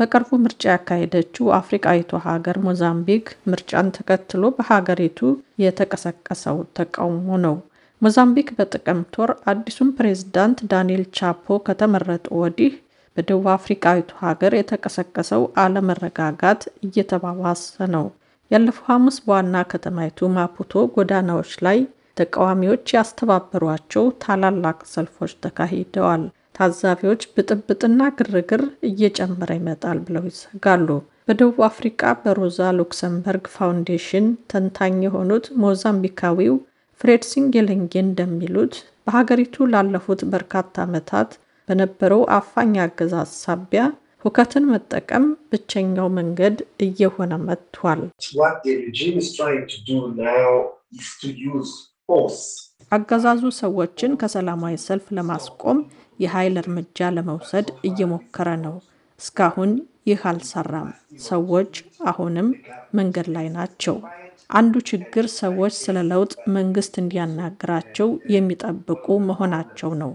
በቅርቡ ምርጫ ያካሄደችው አፍሪቃዊቷ ሀገር ሞዛምቢክ ምርጫን ተከትሎ በሀገሪቱ የተቀሰቀሰው ተቃውሞ ነው። ሞዛምቢክ በጥቅምት ወር አዲሱን ፕሬዝዳንት ዳንኤል ቻፖ ከተመረጡ ወዲህ በደቡብ አፍሪቃዊቱ ሀገር የተቀሰቀሰው አለመረጋጋት እየተባባሰ ነው። ያለፈው ሐሙስ በዋና ከተማይቱ ማፑቶ ጎዳናዎች ላይ ተቃዋሚዎች ያስተባበሯቸው ታላላቅ ሰልፎች ተካሂደዋል። ታዛቢዎች ብጥብጥና ግርግር እየጨመረ ይመጣል ብለው ይሰጋሉ። በደቡብ አፍሪካ በሮዛ ሉክሰምበርግ ፋውንዴሽን ተንታኝ የሆኑት ሞዛምቢካዊው ፍሬድ ሲንጌለንጌ እንደሚሉት በሀገሪቱ ላለፉት በርካታ ዓመታት በነበረው አፋኝ አገዛዝ ሳቢያ ሁከትን መጠቀም ብቸኛው መንገድ እየሆነ መጥቷል። አገዛዙ ሰዎችን ከሰላማዊ ሰልፍ ለማስቆም የኃይል እርምጃ ለመውሰድ እየሞከረ ነው። እስካሁን ይህ አልሰራም። ሰዎች አሁንም መንገድ ላይ ናቸው። አንዱ ችግር ሰዎች ስለ ለውጥ መንግስት እንዲያናግራቸው የሚጠብቁ መሆናቸው ነው።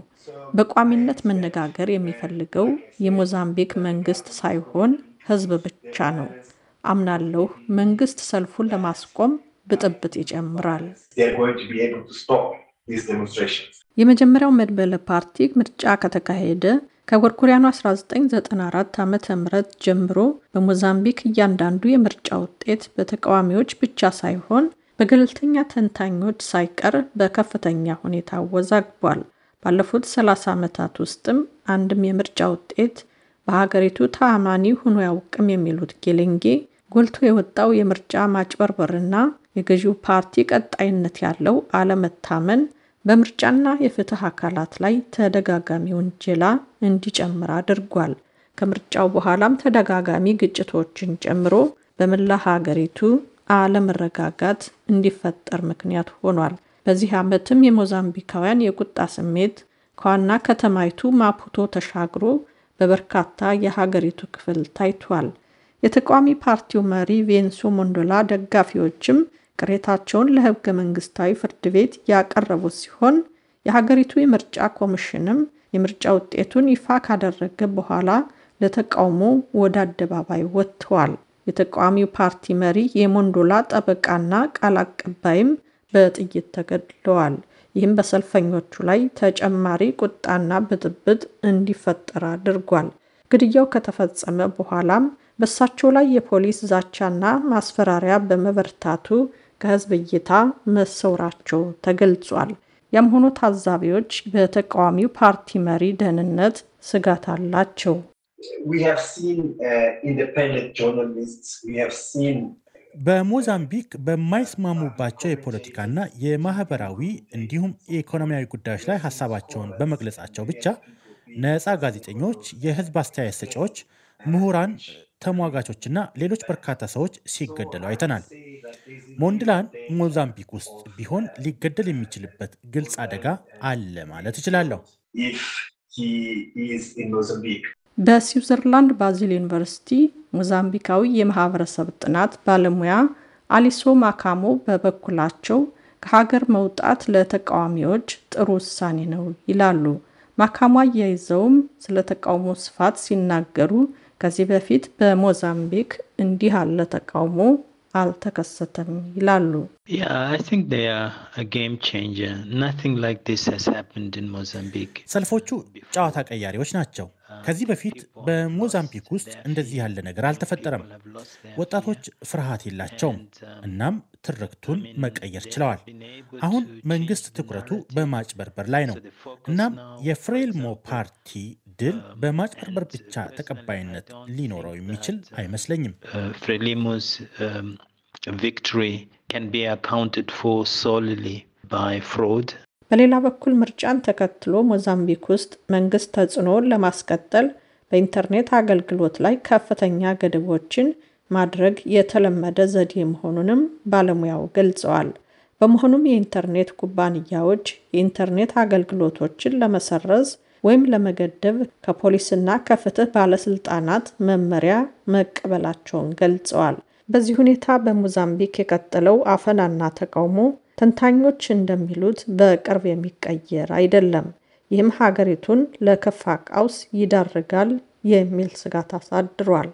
በቋሚነት መነጋገር የሚፈልገው የሞዛምቢክ መንግስት ሳይሆን ህዝብ ብቻ ነው። አምናለሁ መንግስት ሰልፉን ለማስቆም ብጥብጥ ይጨምራል። የመጀመሪያው መድበለ ፓርቲ ምርጫ ከተካሄደ ከጎርጎሪያኑ 1994 ዓ ም ጀምሮ በሞዛምቢክ እያንዳንዱ የምርጫ ውጤት በተቃዋሚዎች ብቻ ሳይሆን በገለልተኛ ተንታኞች ሳይቀር በከፍተኛ ሁኔታ ወዛግቧል። ባለፉት 30 ዓመታት ውስጥም አንድም የምርጫ ውጤት በሀገሪቱ ተአማኒ ሆኖ ያውቅም የሚሉት ጌሌንጌ ጎልቶ የወጣው የምርጫ ማጭበርበርና የገዢው ፓርቲ ቀጣይነት ያለው አለመታመን በምርጫና የፍትህ አካላት ላይ ተደጋጋሚ ውንጀላ እንዲጨምር አድርጓል። ከምርጫው በኋላም ተደጋጋሚ ግጭቶችን ጨምሮ በመላ ሀገሪቱ አለመረጋጋት እንዲፈጠር ምክንያት ሆኗል። በዚህ ዓመትም የሞዛምቢካውያን የቁጣ ስሜት ከዋና ከተማይቱ ማፑቶ ተሻግሮ በበርካታ የሀገሪቱ ክፍል ታይቷል። የተቃዋሚ ፓርቲው መሪ ቬንሶ ሞንዶላ ደጋፊዎችም ቅሬታቸውን ለህገ መንግስታዊ ፍርድ ቤት ያቀረቡ ሲሆን የሀገሪቱ የምርጫ ኮሚሽንም የምርጫ ውጤቱን ይፋ ካደረገ በኋላ ለተቃውሞ ወደ አደባባይ ወጥተዋል። የተቃዋሚው ፓርቲ መሪ የሞንዶላ ጠበቃና ቃል አቀባይም በጥይት ተገድለዋል። ይህም በሰልፈኞቹ ላይ ተጨማሪ ቁጣና ብጥብጥ እንዲፈጠር አድርጓል። ግድያው ከተፈጸመ በኋላም በእሳቸው ላይ የፖሊስ ዛቻና ማስፈራሪያ በመበርታቱ ከህዝብ እይታ መሰውራቸው ተገልጿል። ያም ሆኖ ታዛቢዎች በተቃዋሚው ፓርቲ መሪ ደህንነት ስጋት አላቸው። uh, በሞዛምቢክ በማይስማሙባቸው የፖለቲካና የማህበራዊ እንዲሁም የኢኮኖሚያዊ ጉዳዮች ላይ ሀሳባቸውን በመግለጻቸው ብቻ ነፃ ጋዜጠኞች፣ የህዝብ አስተያየት ሰጫዎች፣ ምሁራን፣ ተሟጋቾችና ሌሎች በርካታ ሰዎች ሲገደሉ አይተናል። ሞንድላን ሞዛምቢክ ውስጥ ቢሆን ሊገደል የሚችልበት ግልጽ አደጋ አለ ማለት እችላለሁ። በስዊዘርላንድ ባዚል ዩኒቨርሲቲ ሞዛምቢካዊ የማህበረሰብ ጥናት ባለሙያ አሊሶ ማካሞ በበኩላቸው ከሀገር መውጣት ለተቃዋሚዎች ጥሩ ውሳኔ ነው ይላሉ። ማካሞ አያይዘውም ስለ ተቃውሞ ስፋት ሲናገሩ ከዚህ በፊት በሞዛምቢክ እንዲህ አለ ተቃውሞ አልተከሰተም ይላሉ። ሰልፎቹ ጨዋታ ቀያሪዎች ናቸው። ከዚህ በፊት በሞዛምቢክ ውስጥ እንደዚህ ያለ ነገር አልተፈጠረም። ወጣቶች ፍርሃት የላቸውም፣ እናም ትርክቱን መቀየር ችለዋል። አሁን መንግስት ትኩረቱ በማጭበርበር ላይ ነው። እናም የፍሬልሞ ፓርቲ ድል um, በማጭበርበር ብቻ uh, ተቀባይነት ሊኖረው የሚችል uh, አይመስለኝም። ፍሬሊሞስ ቪክቶሪ ካን ቢ አካውንትድ ፎር ሶልሊ ባይ ፍሮድ። በሌላ በኩል ምርጫን ተከትሎ ሞዛምቢክ ውስጥ መንግስት ተጽዕኖውን ለማስቀጠል በኢንተርኔት አገልግሎት ላይ ከፍተኛ ገደቦችን ማድረግ የተለመደ ዘዴ መሆኑንም ባለሙያው ገልጸዋል። በመሆኑም የኢንተርኔት ኩባንያዎች የኢንተርኔት አገልግሎቶችን ለመሰረዝ ወይም ለመገደብ ከፖሊስና ከፍትህ ባለስልጣናት መመሪያ መቀበላቸውን ገልጸዋል። በዚህ ሁኔታ በሞዛምቢክ የቀጠለው አፈናና ተቃውሞ ተንታኞች እንደሚሉት በቅርብ የሚቀየር አይደለም። ይህም ሀገሪቱን ለከፋ ቀውስ ይዳርጋል የሚል ስጋት አሳድሯል።